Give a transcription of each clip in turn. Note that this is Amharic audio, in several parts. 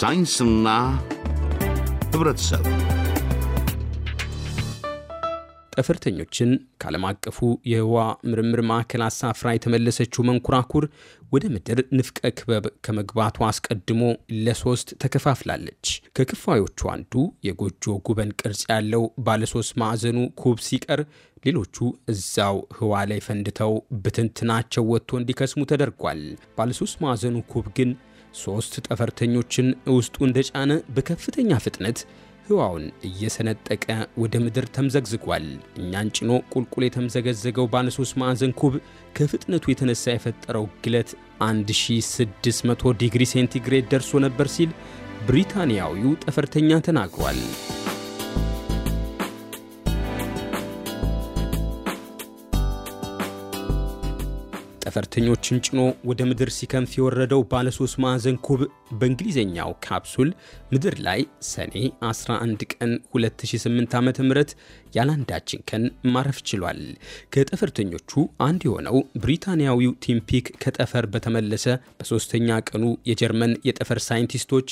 ሳይንስና ህብረተሰብ ጠፈርተኞችን ከዓለም አቀፉ የህዋ ምርምር ማዕከል አሳፍራ የተመለሰችው መንኩራኩር ወደ ምድር ንፍቀ ክበብ ከመግባቱ አስቀድሞ ለሶስት ተከፋፍላለች። ከክፋዮቹ አንዱ የጎጆ ጉበን ቅርጽ ያለው ባለሶስት ማዕዘኑ ኩብ ሲቀር፣ ሌሎቹ እዛው ህዋ ላይ ፈንድተው ብትንትናቸው ወጥቶ እንዲከስሙ ተደርጓል። ባለሶስት ማዕዘኑ ኩብ ግን ሶስት ጠፈርተኞችን ውስጡ እንደጫነ በከፍተኛ ፍጥነት ህዋውን እየሰነጠቀ ወደ ምድር ተምዘግዝጓል። እኛን ጭኖ ቁልቁል የተምዘገዘገው ባለሶስት ማዕዘን ኩብ ከፍጥነቱ የተነሳ የፈጠረው ግለት 1600 ዲግሪ ሴንቲግሬድ ደርሶ ነበር ሲል ብሪታንያዊው ጠፈርተኛ ተናግሯል። ጠፈርተኞችን ጭኖ ወደ ምድር ሲከንፍ የወረደው ባለሶስት ማዕዘን ኩብ በእንግሊዝኛው ካፕሱል ምድር ላይ ሰኔ 11 ቀን 2008 ዓ ም ያላንዳችን ቀን ማረፍ ችሏል። ከጠፈርተኞቹ አንድ የሆነው ብሪታንያዊው ቲምፒክ ከጠፈር በተመለሰ በሦስተኛ ቀኑ የጀርመን የጠፈር ሳይንቲስቶች፣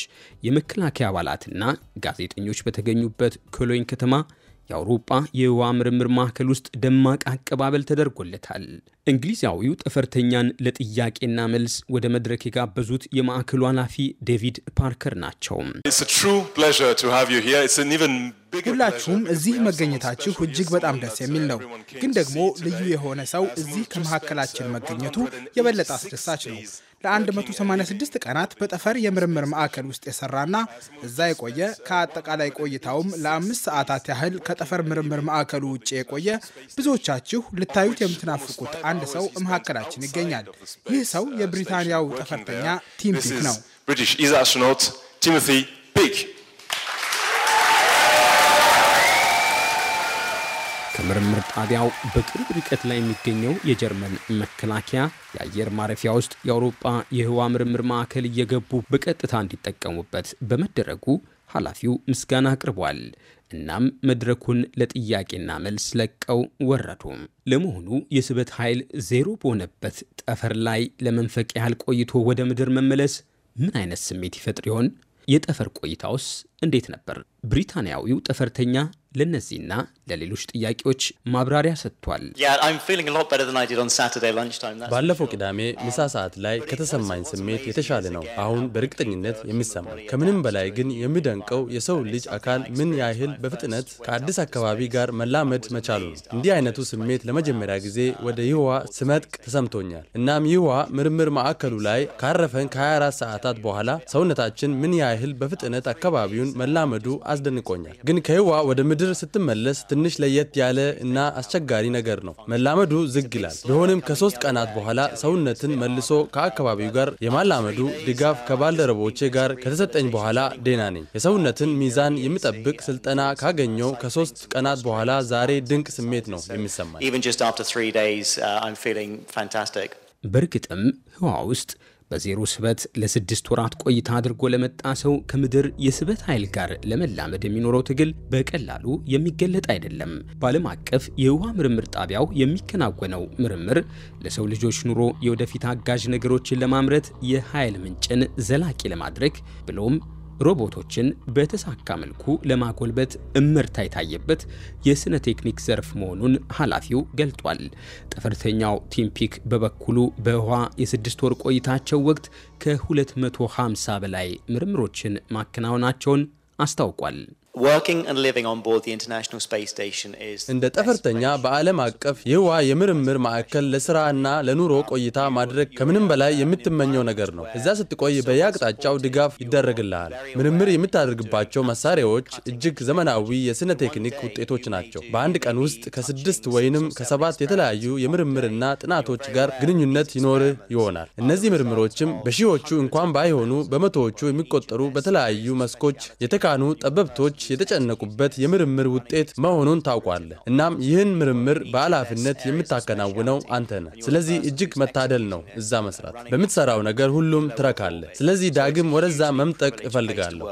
የመከላከያ አባላትና ጋዜጠኞች በተገኙበት ኮሎኝ ከተማ የአውሮጳ የህዋ ምርምር ማዕከል ውስጥ ደማቅ አቀባበል ተደርጎለታል። እንግሊዛዊው ጠፈርተኛን ለጥያቄና መልስ ወደ መድረክ የጋበዙት የማዕከሉ ኃላፊ ዴቪድ ፓርከር ናቸው። ሁላችሁም እዚህ መገኘታችሁ እጅግ በጣም ደስ የሚል ነው። ግን ደግሞ ልዩ የሆነ ሰው እዚህ ከመካከላችን መገኘቱ የበለጠ አስደሳች ነው። ለ186 ቀናት በጠፈር የምርምር ማዕከል ውስጥ የሰራና እዛ የቆየ ከአጠቃላይ ቆይታውም ለአምስት ሰዓታት ያህል ከጠፈር ምርምር ማዕከሉ ውጭ የቆየ ብዙዎቻችሁ ልታዩት የምትናፍቁት አንድ ሰው መካከላችን ይገኛል። ይህ ሰው የብሪታንያው ጠፈርተኛ ቲም ፒክ ነው። ከምርምር ጣቢያው በቅርብ ርቀት ላይ የሚገኘው የጀርመን መከላከያ የአየር ማረፊያ ውስጥ የአውሮጳ የህዋ ምርምር ማዕከል እየገቡ በቀጥታ እንዲጠቀሙበት በመደረጉ ኃላፊው ምስጋና አቅርቧል። እናም መድረኩን ለጥያቄና መልስ ለቀው ወረዱ። ለመሆኑ የስበት ኃይል ዜሮ በሆነበት ጠፈር ላይ ለመንፈቅ ያህል ቆይቶ ወደ ምድር መመለስ ምን አይነት ስሜት ይፈጥር ይሆን? የጠፈር ቆይታውስ እንዴት ነበር? ብሪታንያዊው ጠፈርተኛ ለእነዚህና ለሌሎች ጥያቄዎች ማብራሪያ ሰጥቷል። ባለፈው ቅዳሜ ምሳ ሰዓት ላይ ከተሰማኝ ስሜት የተሻለ ነው አሁን በእርግጠኝነት የሚሰማኝ። ከምንም በላይ ግን የሚደንቀው የሰው ልጅ አካል ምን ያህል በፍጥነት ከአዲስ አካባቢ ጋር መላመድ መቻሉ ነው። እንዲህ አይነቱ ስሜት ለመጀመሪያ ጊዜ ወደ ይህዋ ስመጥቅ ተሰምቶኛል። እናም ይህዋ ምርምር ማዕከሉ ላይ ካረፈን ከ24 ሰዓታት በኋላ ሰውነታችን ምን ያህል በፍጥነት አካባቢውን መላመዱ አስደንቆኛል። ግን ከይህዋ ወደ ምድር ስትመለስ ትንሽ ለየት ያለ እና አስቸጋሪ ነገር ነው። መላመዱ ዝግ ይላል። ቢሆንም ከሶስት ቀናት በኋላ ሰውነትን መልሶ ከአካባቢው ጋር የማላመዱ ድጋፍ ከባልደረቦቼ ጋር ከተሰጠኝ በኋላ ዴና ነኝ። የሰውነትን ሚዛን የሚጠብቅ ስልጠና ካገኘው ከሶስት ቀናት በኋላ ዛሬ ድንቅ ስሜት ነው የሚሰማኝ። uh, በእርግጥም ህዋ ውስጥ በዜሮ ስበት ለስድስት ወራት ቆይታ አድርጎ ለመጣ ሰው ከምድር የስበት ኃይል ጋር ለመላመድ የሚኖረው ትግል በቀላሉ የሚገለጥ አይደለም። በዓለም አቀፍ የውሃ ምርምር ጣቢያው የሚከናወነው ምርምር ለሰው ልጆች ኑሮ የወደፊት አጋዥ ነገሮችን ለማምረት የኃይል ምንጭን ዘላቂ ለማድረግ ብሎም ሮቦቶችን በተሳካ መልኩ ለማጎልበት እምርታ የታየበት የስነ ቴክኒክ ዘርፍ መሆኑን ኃላፊው ገልጧል። ጠፈርተኛው ቲምፒክ በበኩሉ በህዋ የስድስት ወር ቆይታቸው ወቅት ከ250 በላይ ምርምሮችን ማከናወናቸውን አስታውቋል። እንደ ጠፈርተኛ በዓለም አቀፍ የህዋ የምርምር ማዕከል ለስራና ለኑሮ ቆይታ ማድረግ ከምንም በላይ የምትመኘው ነገር ነው። እዛ ስትቆይ በየአቅጣጫው ድጋፍ ይደረግልሃል። ምርምር የምታደርግባቸው መሳሪያዎች እጅግ ዘመናዊ የስነ ቴክኒክ ውጤቶች ናቸው። በአንድ ቀን ውስጥ ከስድስት ወይንም ከሰባት የተለያዩ የምርምርና ጥናቶች ጋር ግንኙነት ይኖርህ ይሆናል። እነዚህ ምርምሮችም በሺዎቹ እንኳን ባይሆኑ በመቶዎቹ የሚቆጠሩ በተለያዩ መስኮች የተካኑ ጠበብቶች የተጨነቁበት የምርምር ውጤት መሆኑን ታውቋል። እናም ይህን ምርምር በኃላፊነት የምታከናውነው አንተ ነህ። ስለዚህ እጅግ መታደል ነው እዛ መስራት። በምትሰራው ነገር ሁሉም ትረካለ። ስለዚህ ዳግም ወደዛ መምጠቅ እፈልጋለሁ።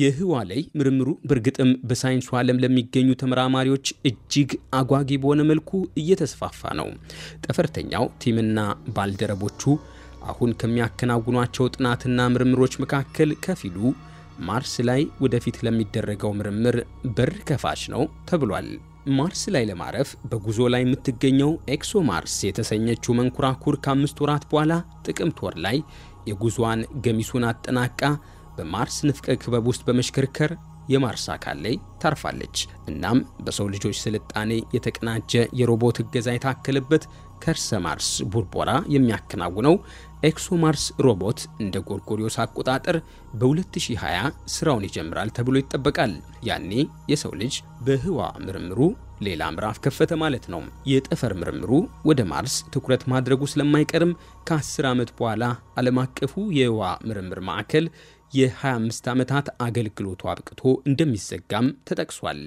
የህዋ ላይ ምርምሩ በእርግጥም በሳይንሱ ዓለም ለሚገኙ ተመራማሪዎች እጅግ አጓጊ በሆነ መልኩ እየተስፋፋ ነው። ጠፈርተኛው ቲምና ባልደረቦቹ አሁን ከሚያከናውኗቸው ጥናትና ምርምሮች መካከል ከፊሉ ማርስ ላይ ወደፊት ለሚደረገው ምርምር በር ከፋች ነው ተብሏል። ማርስ ላይ ለማረፍ በጉዞ ላይ የምትገኘው ኤክሶ ማርስ የተሰኘችው መንኮራኩር ከአምስት ወራት በኋላ ጥቅምት ወር ላይ የጉዞዋን ገሚሱን አጠናቃ በማርስ ንፍቀ ክበብ ውስጥ በመሽከርከር የማርስ አካል ላይ ታርፋለች። እናም በሰው ልጆች ስልጣኔ የተቀናጀ የሮቦት እገዛ የታከለበት ከርሰ ማርስ ቡርቦራ የሚያከናውነው ኤክሶማርስ ሮቦት እንደ ጎርጎሪዮስ አቆጣጠር በ2020 ስራውን ይጀምራል ተብሎ ይጠበቃል። ያኔ የሰው ልጅ በህዋ ምርምሩ ሌላ ምዕራፍ ከፈተ ማለት ነው። የጠፈር ምርምሩ ወደ ማርስ ትኩረት ማድረጉ ስለማይቀርም ከ10 ዓመት በኋላ ዓለም አቀፉ የህዋ ምርምር ማዕከል የ25 ዓመታት አገልግሎቱ አብቅቶ እንደሚዘጋም ተጠቅሷል።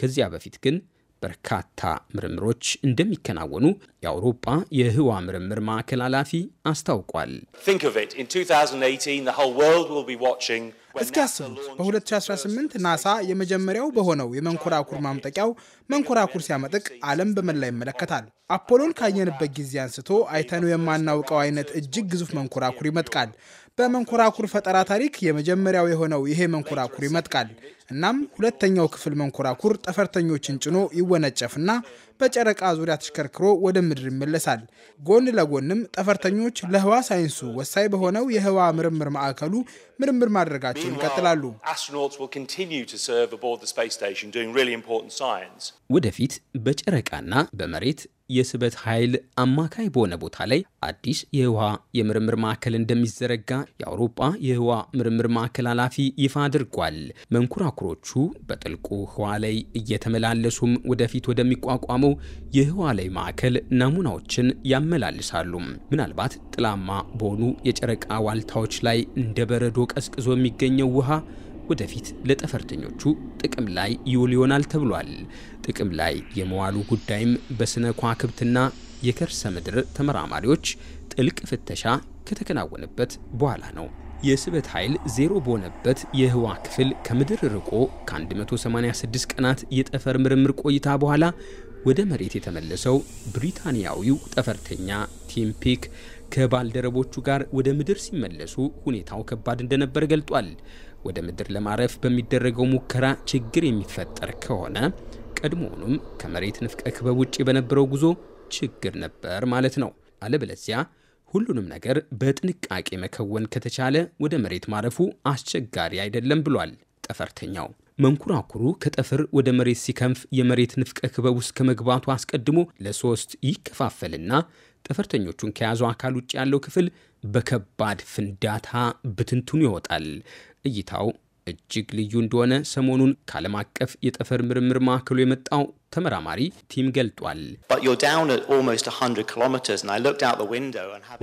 ከዚያ በፊት ግን በርካታ ምርምሮች እንደሚከናወኑ የአውሮፓ የህዋ ምርምር ማዕከል ኃላፊ አስታውቋል። እስኪያስቡት በ2018 ናሳ የመጀመሪያው በሆነው የመንኮራኩር ማምጠቂያው መንኮራኩር ሲያመጥቅ ዓለም በመላ ይመለከታል። አፖሎን ካየንበት ጊዜ አንስቶ አይተነው የማናውቀው አይነት እጅግ ግዙፍ መንኮራኩር ይመጥቃል። በመንኮራኩር ፈጠራ ታሪክ የመጀመሪያው የሆነው ይሄ መንኮራኩር ይመጥቃል። እናም ሁለተኛው ክፍል መንኮራኩር ጠፈርተኞችን ጭኖ ይወነጨፍና በጨረቃ ዙሪያ ተሽከርክሮ ወደ ምድር ይመለሳል። ጎን ለጎንም ጠፈርተኞች ለህዋ ሳይንሱ ወሳኝ በሆነው የህዋ ምርምር ማዕከሉ ምርምር ማድረጋቸውን ይቀጥላሉ። ወደፊት በጨረቃና በመሬት የስበት ኃይል አማካይ በሆነ ቦታ ላይ አዲስ የህዋ የምርምር ማዕከል እንደሚዘረጋ የአውሮፓ የህዋ ምርምር ማዕከል ኃላፊ ይፋ አድርጓል። መንኮራኩሮቹ በጥልቁ ህዋ ላይ እየተመላለሱም ወደፊት ወደሚቋቋመው የህዋ ላይ ማዕከል ናሙናዎችን ያመላልሳሉ። ምናልባት ጥላማ በሆኑ የጨረቃ ዋልታዎች ላይ እንደ በረዶ ቀዝቅዞ የሚገኘው ውሃ ወደፊት ለጠፈርተኞቹ ጥቅም ላይ ይውል ይሆናል ተብሏል። ጥቅም ላይ የመዋሉ ጉዳይም በስነ ኳክብትና የከርሰ ምድር ተመራማሪዎች ጥልቅ ፍተሻ ከተከናወነበት በኋላ ነው። የስበት ኃይል ዜሮ በሆነበት የህዋ ክፍል ከምድር ርቆ ከ186 ቀናት የጠፈር ምርምር ቆይታ በኋላ ወደ መሬት የተመለሰው ብሪታንያዊው ጠፈርተኛ ቲም ፒክ ከባልደረቦቹ ጋር ወደ ምድር ሲመለሱ ሁኔታው ከባድ እንደነበር ገልጧል። ወደ ምድር ለማረፍ በሚደረገው ሙከራ ችግር የሚፈጠር ከሆነ ቀድሞውኑም ከመሬት ንፍቀ ክበብ ውጭ በነበረው ጉዞ ችግር ነበር ማለት ነው። አለበለዚያ ሁሉንም ነገር በጥንቃቄ መከወን ከተቻለ ወደ መሬት ማረፉ አስቸጋሪ አይደለም ብሏል ጠፈርተኛው። መንኩራኩሩ ከጠፍር ወደ መሬት ሲከንፍ የመሬት ንፍቀ ክበብ ውስጥ ከመግባቱ አስቀድሞ ለሶስት ይከፋፈልና ጠፈርተኞቹን ከያዙ አካል ውጭ ያለው ክፍል በከባድ ፍንዳታ ብትንቱን ይወጣል። እይታው እጅግ ልዩ እንደሆነ ሰሞኑን ከዓለም አቀፍ የጠፈር ምርምር ማዕከሉ የመጣው ተመራማሪ ቲም ገልጧል።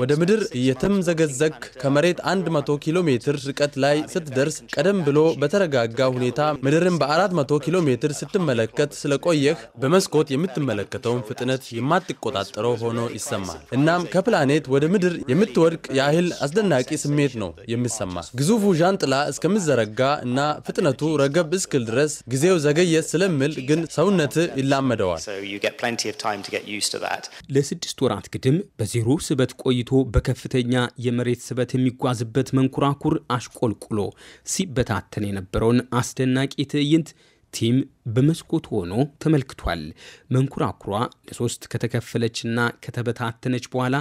ወደ ምድር እየተምዘገዘግ ከመሬት 100 ኪሎ ሜትር ርቀት ላይ ስትደርስ ቀደም ብሎ በተረጋጋ ሁኔታ ምድርን በ400 ኪሎ ሜትር ስትመለከት ስለቆየህ በመስኮት የምትመለከተውን ፍጥነት የማትቆጣጠረው ሆኖ ይሰማል። እናም ከፕላኔት ወደ ምድር የምትወድቅ ያህል አስደናቂ ስሜት ነው የሚሰማ። ግዙፉ ዣንጥላ እስከምዘረጋ እና ፍጥነቱ ረገብ እስክል ድረስ ጊዜው ዘገየት ስለምል ግን ሰውነት ይላመደዋል። ለስድስት ወራት ግድም በዜሮ ስበት ቆይቶ በከፍተኛ የመሬት ስበት የሚጓዝበት መንኮራኩር አሽቆልቁሎ ሲበታተን የነበረውን አስደናቂ ትዕይንት ቲም በመስኮት ሆኖ ተመልክቷል። መንኮራኩሯ ለሶስት ከተከፈለችና ከተበታተነች በኋላ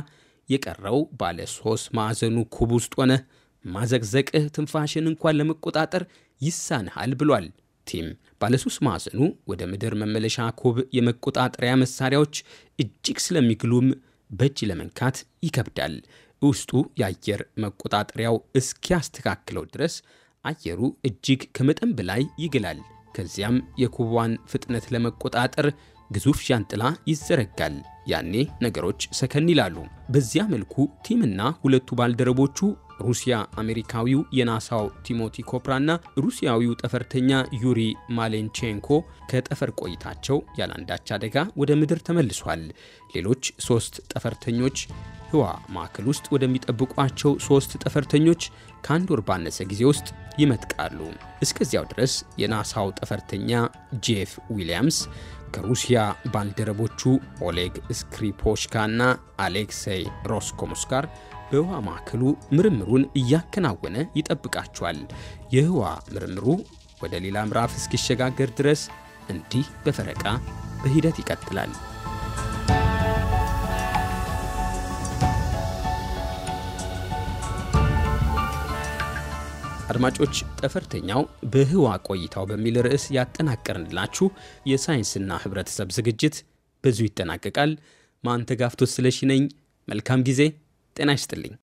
የቀረው ባለ ሶስት ማዕዘኑ ኩብ ውስጥ ሆነ ማዘቅዘቅህ ትንፋሽን እንኳን ለመቆጣጠር ይሳንሃል ብሏል። ቲም ባለሶስት ማዕዘኑ ወደ ምድር መመለሻ ኮብ የመቆጣጠሪያ መሳሪያዎች እጅግ ስለሚግሉም በእጅ ለመንካት ይከብዳል። ውስጡ የአየር መቆጣጠሪያው እስኪያስተካክለው ድረስ አየሩ እጅግ ከመጠን በላይ ይግላል። ከዚያም የኮቧን ፍጥነት ለመቆጣጠር ግዙፍ ዣንጥላ ይዘረጋል። ያኔ ነገሮች ሰከን ይላሉ። በዚያ መልኩ ቲምና ሁለቱ ባልደረቦቹ ሩሲያ አሜሪካዊው የናሳው ቲሞቲ ኮፕራና ሩሲያዊው ጠፈርተኛ ዩሪ ማሌንቼንኮ ከጠፈር ቆይታቸው ያለአንዳች አደጋ ወደ ምድር ተመልሷል። ሌሎች ሶስት ጠፈርተኞች ህዋ ማዕከል ውስጥ ወደሚጠብቋቸው ሶስት ጠፈርተኞች ከአንድ ወር ባነሰ ጊዜ ውስጥ ይመጥቃሉ። እስከዚያው ድረስ የናሳው ጠፈርተኛ ጄፍ ዊሊያምስ ከሩሲያ ባልደረቦቹ ኦሌግ ስክሪፖሽካ አሌክሰይ አሌክሴይ ሮስኮሞስ ጋር በህዋ ማዕከሉ ምርምሩን እያከናወነ ይጠብቃቸዋል። የህዋ ምርምሩ ወደ ሌላ ምዕራፍ እስኪሸጋገር ድረስ እንዲህ በፈረቃ በሂደት ይቀጥላል። አድማጮች ጠፈርተኛው በህዋ ቆይታው በሚል ርዕስ ያጠናቀርንላችሁ የሳይንስና ህብረተሰብ ዝግጅት ብዙ ይጠናቀቃል። ማንተጋፍቶት ስለሺ ነኝ። መልካም ጊዜ። ጤና ይስጥልኝ።